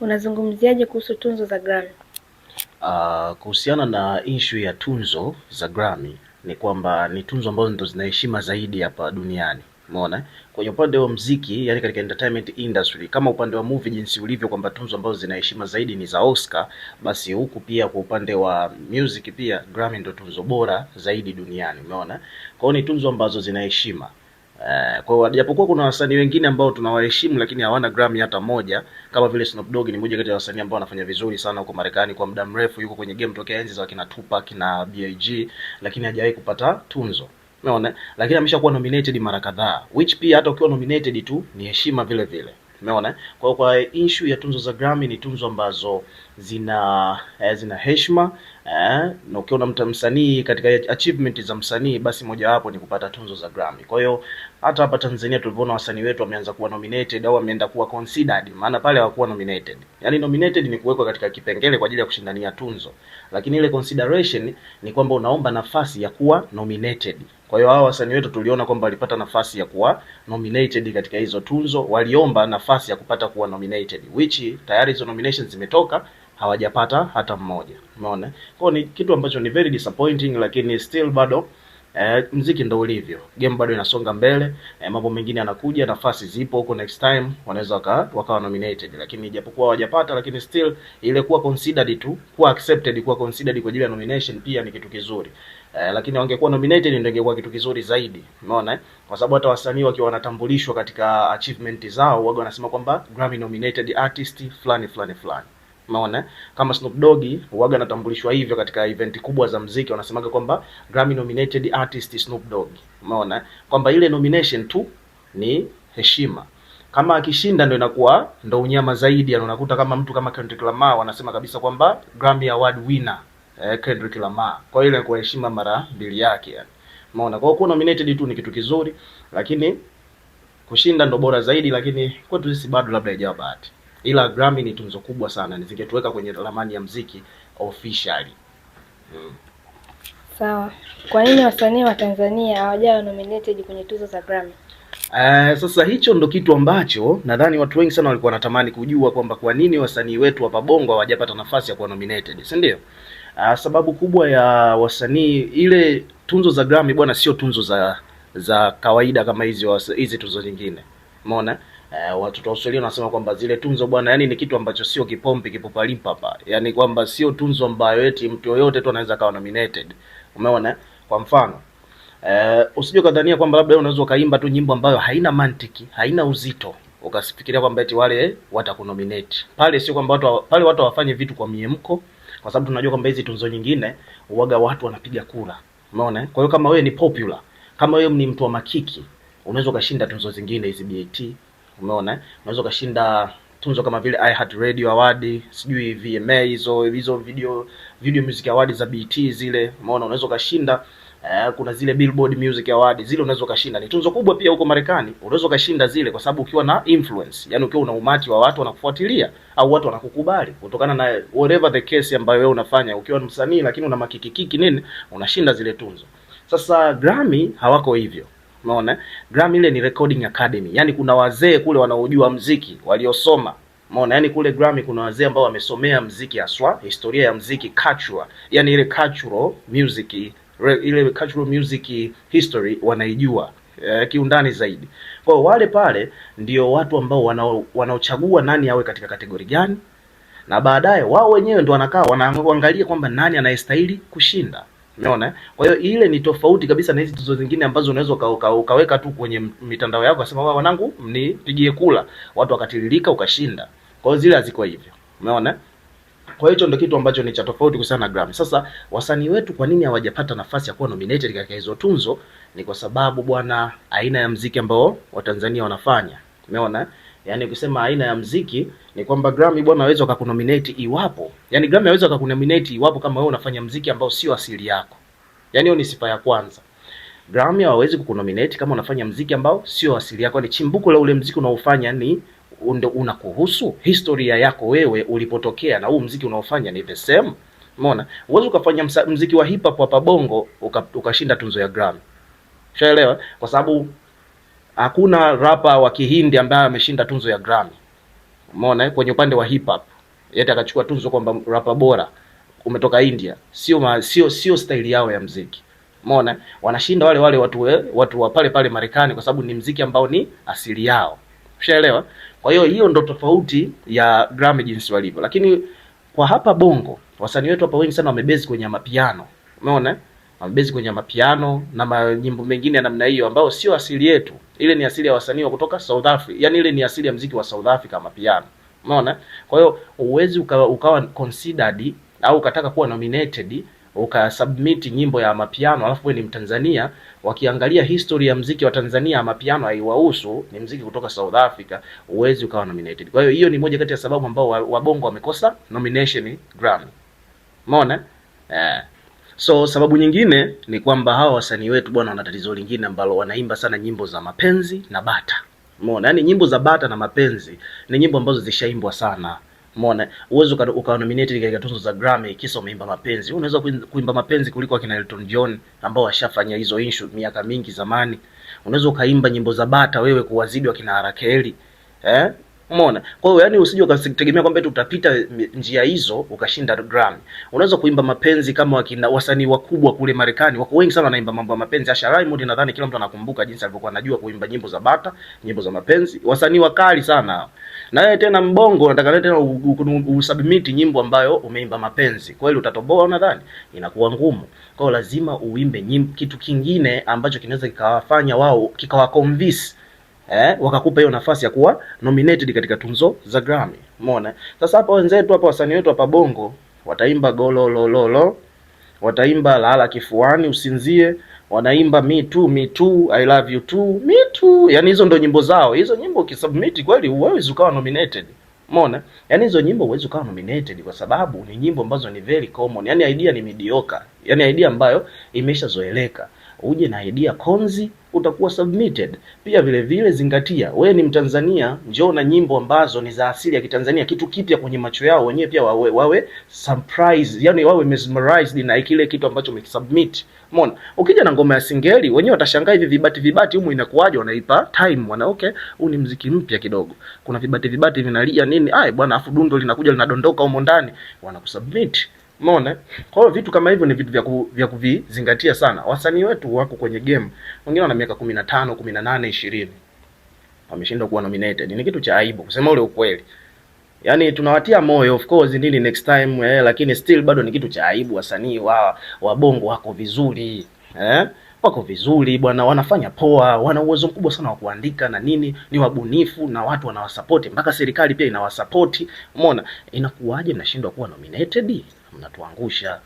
unazungumziaje kuhusu tunzo za Grammy? Uh, kuhusiana na issue ya tunzo za Grammy ni kwamba ni tunzo ambazo ndo zinaheshima zaidi hapa duniani. Umeona, kwenye upande wa mziki, yani katika entertainment industry, kama upande wa movie jinsi ulivyo kwamba tunzo ambazo zinaheshima zaidi ni za Oscar, basi huku pia kwa upande wa music pia Grammy ndo tunzo bora zaidi duniani. Umeona, kwa hiyo ni tunzo ambazo zinaheshima Eh, kwa hiyo japokuwa kuna wasanii wengine ambao tunawaheshimu lakini hawana Grammy hata moja, kama vile Snoop Dogg ni mmoja kati ya wasanii ambao wanafanya vizuri sana huko Marekani kwa muda mrefu, yuko kwenye game tokea enzi za kina Tupac na B.I.G, lakini hajawahi kupata tunzo. Umeona? Lakini ameshakuwa nominated mara kadhaa, which pia hata ukiwa nominated tu ni heshima vile vile. Umeona? Kwa kwa issue ya tunzo za Grammy ni tunzo ambazo zina eh, zina heshima eh, na ukiona mta msanii katika achievement za msanii basi mojawapo ni kupata tunzo za Grammy. Kwa hiyo hata hapa Tanzania tulivyoona wasanii wetu wameanza kuwa nominated au wameenda kuwa considered, maana pale hawakuwa nominated. Yaani nominated ni kuwekwa katika kipengele kwa ajili ya kushindania tunzo, lakini ile consideration ni kwamba unaomba nafasi ya kuwa nominated. Kwa hiyo hao wasanii wetu tuliona kwamba walipata nafasi ya kuwa nominated katika hizo tunzo, waliomba nafasi ya kupata kuwa nominated, which tayari hizo nominations zimetoka hawajapata hata mmoja. Umeona, kwa ni kitu ambacho ni very disappointing, lakini still bado E, mziki ndo ulivyo, game bado inasonga mbele e, mambo mengine yanakuja, nafasi zipo huko, next time wanaweza waka, wakawa nominated, lakini japokuwa hawajapata, lakini still ile kuwa considered tu, kuwa accepted, kuwa considered kwa ajili ya nomination pia ni kitu kizuri e, lakini wangekuwa nominated ndio ingekuwa kitu kizuri zaidi, umeona Kwa sababu hata wasanii wakiwa wanatambulishwa katika achievement zao wao wanasema kwamba Grammy nominated artist fulani fulani fulani. Umeona? Kama Snoop Dogg huaga anatambulishwa hivyo katika event kubwa za mziki, wanasemaga kwamba Grammy nominated artist Snoop Dogg. Umeona? Kwamba ile nomination tu ni heshima. Kama akishinda ndo inakuwa ndo unyama zaidi, yani unakuta kama mtu kama Kendrick Lamar wanasema kabisa kwamba Grammy Award winner eh, Kendrick Lamar. Kwa ile kwa heshima mara mbili yake yani. Umeona? Kwa kuwa nominated tu ni kitu kizuri, lakini kushinda ndo bora zaidi, lakini kwetu sisi bado labda haijawa bahati ila Grammy ni tunzo kubwa sana, nisingetuweka kwenye ramani ya mziki officially. Hmm. Sawa. Kwa nini wasanii wa Tanzania hawajawa nominated kwenye tuzo za Grammy? Uh, sasa hicho ndo kitu ambacho nadhani watu wengi sana walikuwa wanatamani kujua kwamba kwa nini wasanii wetu hapa Bongo hawajapata nafasi ya kuwa nominated, si ndio? Uh, sababu kubwa ya wasanii, ile tunzo za Grammy bwana, sio tunzo za za kawaida kama hizi hizi tuzo nyingine, umeona Uh, watoto wa Australia wanasema kwamba zile tunzo bwana, yani ni kitu ambacho sio kipombe kipopalipa hapa, yani kwamba sio tunzo ambayo eti mtu yoyote tu anaweza kawa nominated. Umeona, eh? kwa mfano uh, usije kadhania kwamba labda wewe unaweza ukaimba tu nyimbo ambayo haina mantiki, haina uzito ukasifikiria kwamba eti wale watakunominate pale. Sio kwamba watu pale watu hawafanye vitu kwa miemko, kwa sababu tunajua kwamba hizi tunzo nyingine uwaga watu wanapiga kura, umeona. Kwa hiyo kama wewe ni popular, kama wewe ni mtu wa makiki, unaweza ukashinda tunzo zingine hizi BET Umeona, unaweza ukashinda tunzo kama vile iHeart Radio Award, sijui VMA, hizo hizo video video music award za BT zile, umeona, unaweza ukashinda Uh, kuna zile Billboard Music Award zile unaweza ukashinda, ni tunzo kubwa pia huko Marekani, unaweza ukashinda zile kwa sababu ukiwa na influence, yani ukiwa una umati wa watu wanakufuatilia au watu wanakukubali kutokana na whatever the case ambayo wewe unafanya. Ukiwa msanii lakini una makikikiki nini, unashinda zile tunzo. Sasa Grammy hawako hivyo. Umeona? Grammy ile ni recording academy. Yaani kuna wazee kule wanaojua mziki, waliosoma. mona Yaani kule Grammy kuna wazee ambao wamesomea mziki haswa, historia ya mziki culture. Yaani ile cultural music, ile cultural music history wanaijua eh, kiundani zaidi. Kwa wale pale ndio watu ambao wanaochagua nani awe katika kategori gani na baadaye wao wenyewe ndio wanakaa wanaangalia kwamba nani anayestahili kushinda. Umeona? Kwa hiyo ile ni tofauti kabisa na hizi tuzo zingine ambazo unaweza uka, ukaweka tu kwenye mitandao yako asema wanangu mnipigie kula, watu wakatiririka ukashinda. Kwa hiyo zile haziko hivyo. Umeona? Kwa hiyo hicho ndio kitu ambacho ni cha tofauti kuhusiana na Grammy. Sasa wasanii wetu kwa nini hawajapata nafasi ya kuwa nominated katika hizo tunzo? Ni kwa sababu bwana, aina ya mziki ambao Watanzania wanafanya. Umeona? yani kusema aina ya mziki ni kwamba Grammy bwana aweza akakunominate iwapo. yani Grammy aweza akakunominate iwapo kama wewe unafanya mziki ambao sio asili yako. yani hiyo ni sifa ya kwanza. Grammy hawawezi kukunominate kama unafanya mziki ambao sio asili yako. Ni yaani chimbuko la ule mziki unaofanya ni ndo unakuhusu historia yako wewe ulipotokea na huu mziki unaofanya ni the same. Umeona? Uwezi ukafanya mziki wa hip hop hapa Bongo ukashinda uka tunzo ya Grammy. Ushaelewa? Kwa sababu hakuna rapa wa Kihindi ambaye ameshinda tunzo ya Grammy. Umeona eh, kwenye upande wa hip hop, yeye akachukua tunzo kwamba rapa bora umetoka India. Sio sio sio staili yao ya mziki. Umeona eh? wanashinda wale wale watu we, eh, watu wa pale pale Marekani kwa sababu ni mziki ambao ni asili yao. Ushaelewa? Kwa hiyo hiyo ndo tofauti ya Grammy jinsi walivyo. Lakini kwa hapa Bongo wasanii wetu hapa wengi sana wamebezi kwenye mapiano. Umeona? mabezi kwenye mapiano na majimbo mengine ya namna hiyo ambayo sio asili yetu. Ile ni asili ya wasanii wa kutoka South Africa, yani ile ni asili ya mziki wa South Africa, mapiano. Umeona? Kwa hiyo uwezi ukawa, ukawa considered au ukataka kuwa nominated ukasubmit nyimbo ya mapiano alafu wewe ni Mtanzania, wakiangalia history ya mziki wa Tanzania mapiano haiwahusu, ni mziki kutoka South Africa, uwezi ukawa nominated. Kwa hiyo hiyo ni moja kati ya sababu ambao wabongo wamekosa nomination Grammy. Umeona? Eh. So sababu nyingine ni kwamba hawa wasanii wetu bwana, wana tatizo lingine ambalo wanaimba sana nyimbo za mapenzi na bata. Umeona, yaani nyimbo za bata na mapenzi ni nyimbo ambazo zishaimbwa sana. Umeona, uwezo ukawa nominated katika tuzo za Grammy kisa umeimba mapenzi. Unaweza kuimba mapenzi kuliko akina Elton John ambao washafanya hizo issue miaka mingi zamani. Unaweza ukaimba nyimbo za bata wewe kuwazidi wakina arakeli eh Umeona? Kwa hiyo yani usije ukategemea kwamba utapita njia hizo ukashinda Grammy. Unaweza kuimba mapenzi kama wakina wasanii wakubwa kule Marekani, wako wengi sana wanaimba mambo ya mapenzi. Asha Raymond nadhani kila mtu anakumbuka jinsi alivyokuwa anajua kuimba nyimbo za bata, nyimbo za mapenzi. Wasanii wakali sana. Na yeye tena mbongo nataka tena usubmit nyimbo ambayo umeimba mapenzi. Kweli utatoboa nadhani? Inakuwa ngumu. Kwa hiyo lazima uimbe nyimbo kitu kingine ambacho kinaweza kikawafanya wao kikawaconvince eh, wakakupa hiyo nafasi ya kuwa nominated katika tunzo za Grammy. Umeona? Sasa hapa wenzetu hapa wasanii wetu hapa Bongo wataimba gololololo, wataimba lala kifuani usinzie, wanaimba me too, me too, I love you too, me too. Yaani hizo ndo nyimbo zao. Hizo nyimbo ukisubmit kweli huwezi ukawa nominated. Umeona? Yaani hizo nyimbo huwezi ukawa nominated kwa sababu ni nyimbo ambazo ni very common. Yaani idea ni mediocre. Yaani idea ambayo imeshazoeleka uje na idea konzi, utakuwa submitted. Pia vile vile zingatia, we ni Mtanzania, njoo na nyimbo ambazo ni za asili ya Kitanzania, kitu kipya kwenye macho yao wenyewe, pia wawe wawe surprise, yani wawe mesmerized na kile kitu ambacho umekisubmit. Umeona, ukija na ngoma ya singeli wenyewe watashangaa hivi vibati vibati humu inakuwaje? Wanaipa time wana okay, huu ni mziki mpya kidogo, kuna vibati vibati vinalia nini? Ai bwana, afu dundo linakuja linadondoka humo ndani, wanakusubmit. Umeona? Kwa hiyo vitu kama hivyo ni vitu vya ku, vya kuvizingatia sana. Wasanii wetu wako kwenye game. Wengine wana miaka 15, 18, 20. Wameshindwa kuwa nominated. Ni kitu cha aibu kusema ule ukweli. Yaani tunawatia moyo of course nini next time eh, lakini still bado ni kitu cha aibu wasanii wa wabongo wako vizuri. Eh? Wako vizuri bwana, wanafanya poa, wana uwezo mkubwa sana wa kuandika na nini, ni wabunifu na watu wanawasapoti, mpaka serikali pia inawasapoti. Umeona? Inakuwaje mnashindwa kuwa nominated? mnatuangusha.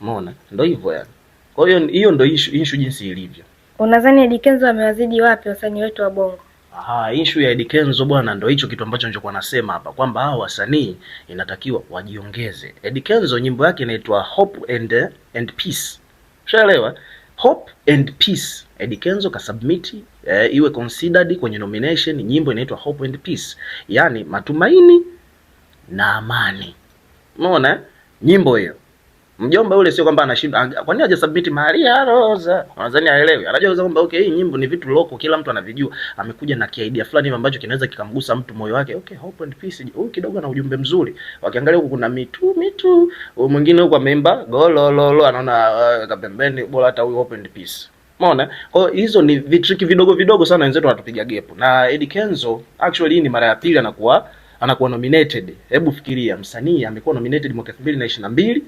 Umeona, ndio hivyo yani. Kwa hiyo hiyo ndio issue, issue jinsi ilivyo. Unadhani Eddy Kenzo amewazidi wapi wasanii wetu wa Bongo? Aha, issue ya Eddy Kenzo bwana, ndio hicho kitu ambacho nilichokuwa nasema hapa kwamba hao wasanii inatakiwa wajiongeze. Eddy Kenzo nyimbo yake inaitwa Hope and and Peace. Ushaelewa? Hope and Peace. Eddy Kenzo submit eh, iwe considered kwenye nomination nyimbo inaitwa Hope and Peace. Yaani matumaini na amani. Umeona? nyimbo hiyo. Mjomba yule sio kwamba anashinda, kwa nini haja submit Maria Rosa? Wanazani aelewe. Anajua kwamba okay, hii nyimbo ni vitu loko, kila mtu anavijua. Amekuja na kiidea fulani ambacho kinaweza kikamgusa mtu moyo wake. Okay, hope and peace. Huyu kidogo ana ujumbe mzuri. Wakiangalia huko kuna mitu mitu, huyu mwingine huko ameimba gololo, anaona uh, kapembeni bora hata huyu hope and peace. Umeona? Kwa hizo ni vitriki vidogo vidogo sana wenzetu wanatupiga gepu. Na Eddy Kenzo actually hii ni mara ya pili anakuwa anakuwa nominated. Hebu fikiria, msanii amekuwa nominated mwaka 2022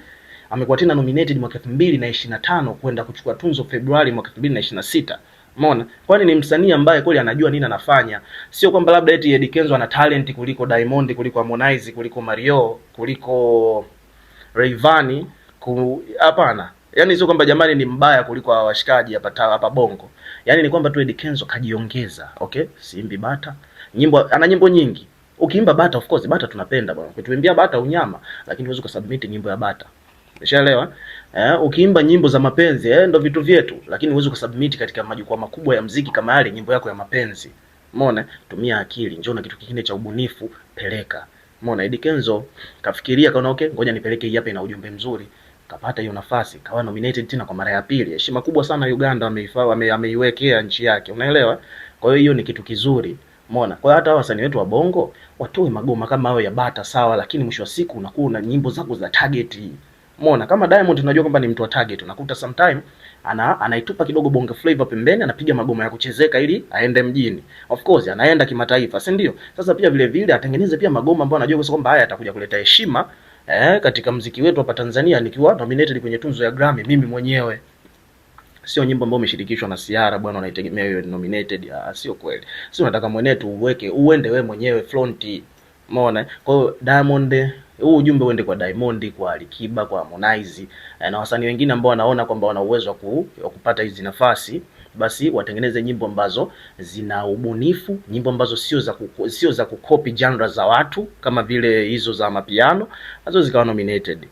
amekuwa tena nominated mwaka 2025 kwenda kuchukua tunzo Februari mwaka 2026. Umeona? Kwani ni msanii ambaye kweli anajua nini anafanya. Sio kwamba labda eti Eddy Kenzo ana talent kuliko Diamond, kuliko Harmonize, kuliko Mario, kuliko Rayvanny, hapana. Yaani sio kwamba jamani ni mbaya kuliko washikaji hapa hapa Bongo. Yaani ni kwamba tu Eddy Kenzo kajiongeza, okay? Simbi bata. Nyimbo ana nyimbo nyingi. Ukiimba bata, of course bata tunapenda bwana. Ukituimbia bata unyama, lakini huwezi kusubmit nyimbo ya bata. Umeshaelewa? Eh, ukiimba nyimbo za mapenzi eh, ndio vitu vyetu, lakini huwezi kusubmit katika majukwaa makubwa ya mziki kama yale nyimbo yako ya mapenzi. Umeona? Tumia akili, njoo na kitu kingine cha ubunifu, peleka. Umeona? Eddy Kenzo kafikiria kaona okay, ngoja nipeleke hii hapa ina ujumbe mzuri. Kapata hiyo nafasi, kawa nominated tena kwa mara ya pili. Heshima kubwa sana Uganda ameiwekea ame, ameiwekea nchi yake. Unaelewa? Kwa hiyo hiyo ni kitu kizuri. Umeona? Kwa hiyo hata wasanii wetu wa Bongo watoe magoma kama hayo ya bata sawa, lakini mwisho wa siku unakuwa na nyimbo zako za target. Umeona? Kama Diamond tunajua kwamba ni mtu wa target, unakuta sometime ana anaitupa kidogo Bongo flavor pembeni, anapiga magoma ya kuchezeka ili aende mjini. Of course anaenda kimataifa, si ndio? Sasa pia vile vile atengeneze pia magoma ambayo anajua kwamba haya atakuja kuleta heshima eh, katika mziki wetu hapa Tanzania, nikiwa nominated kwenye tunzo ya Grammy mimi mwenyewe sio nyimbo ambayo umeshirikishwa na siara bwana, unaitegemea hiyo nominated. Ah, sio kweli, sio unataka mwenyewe tu uweke uende wewe mwenyewe front, umeona. Kwa hiyo Diamond, huu ujumbe uende kwa Diamond, kwa Alikiba, kwa Harmonize eh, na wasanii wengine ambao wanaona kwamba wana uwezo wa kupata hizi nafasi basi watengeneze nyimbo ambazo zina ubunifu, nyimbo ambazo sio za kuko, sio za kukopi genre za watu kama vile hizo za mapiano, nazo zikawa nominated.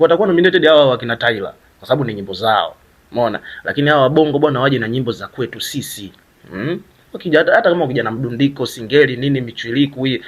Watakuwa nominated hawa wakina Tyler kwa sababu ni nyimbo zao. Umeona? Lakini hawa wabongo bwana waje na nyimbo za kwetu sisi. Mm? Ukija hata hata kama ukija na mdundiko, singeli, nini michiriku hii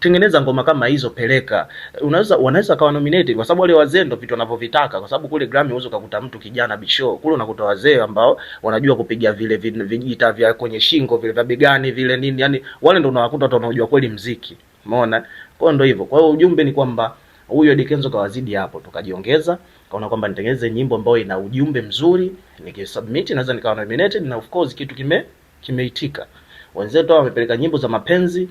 tengeneza ngoma kama hizo, peleka. Unaweza wanaweza kawa nominated kwa sababu wale wazee ndio vitu wanavyovitaka, kwa sababu kule Grammy unaweza ukakuta mtu kijana bisho, kule unakuta wazee ambao wanajua kupiga vile vijita vya kwenye shingo vile vya begani vile nini, yani wale ndio unawakuta watu wanaojua kweli mziki. Umeona? Kwa hiyo ndio hivyo. Kwa hiyo ujumbe ni kwamba huyo Dikenzo kawazidi hapo, tukajiongeza kaona kwamba nitengeneze nyimbo ambayo ina ujumbe mzuri, nikisubmit naweza nikawa nominated na of course kitu kime kimeitika. Wenzetu hao wamepeleka nyimbo za mapenzi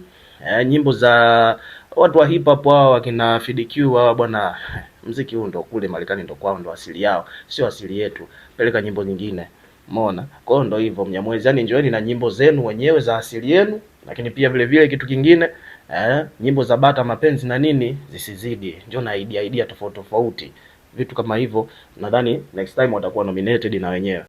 eh, nyimbo za watu wa hip hop wao wakina FDQ wao bwana, mziki huu ndo kule Marekani ndo kwao, ndo asili yao, sio asili yetu. Peleka nyimbo nyingine, umeona. Kwa hiyo ndo hivyo Mnyamwezi, yani njoeni na nyimbo zenu wenyewe za asili yenu, lakini pia vile vile kitu kingine eh, nyimbo za bata mapenzi na nini zisizidi, njoo na idea idea tofauti tofauti vitu kama hivyo, nadhani next time watakuwa nominated na wenyewe.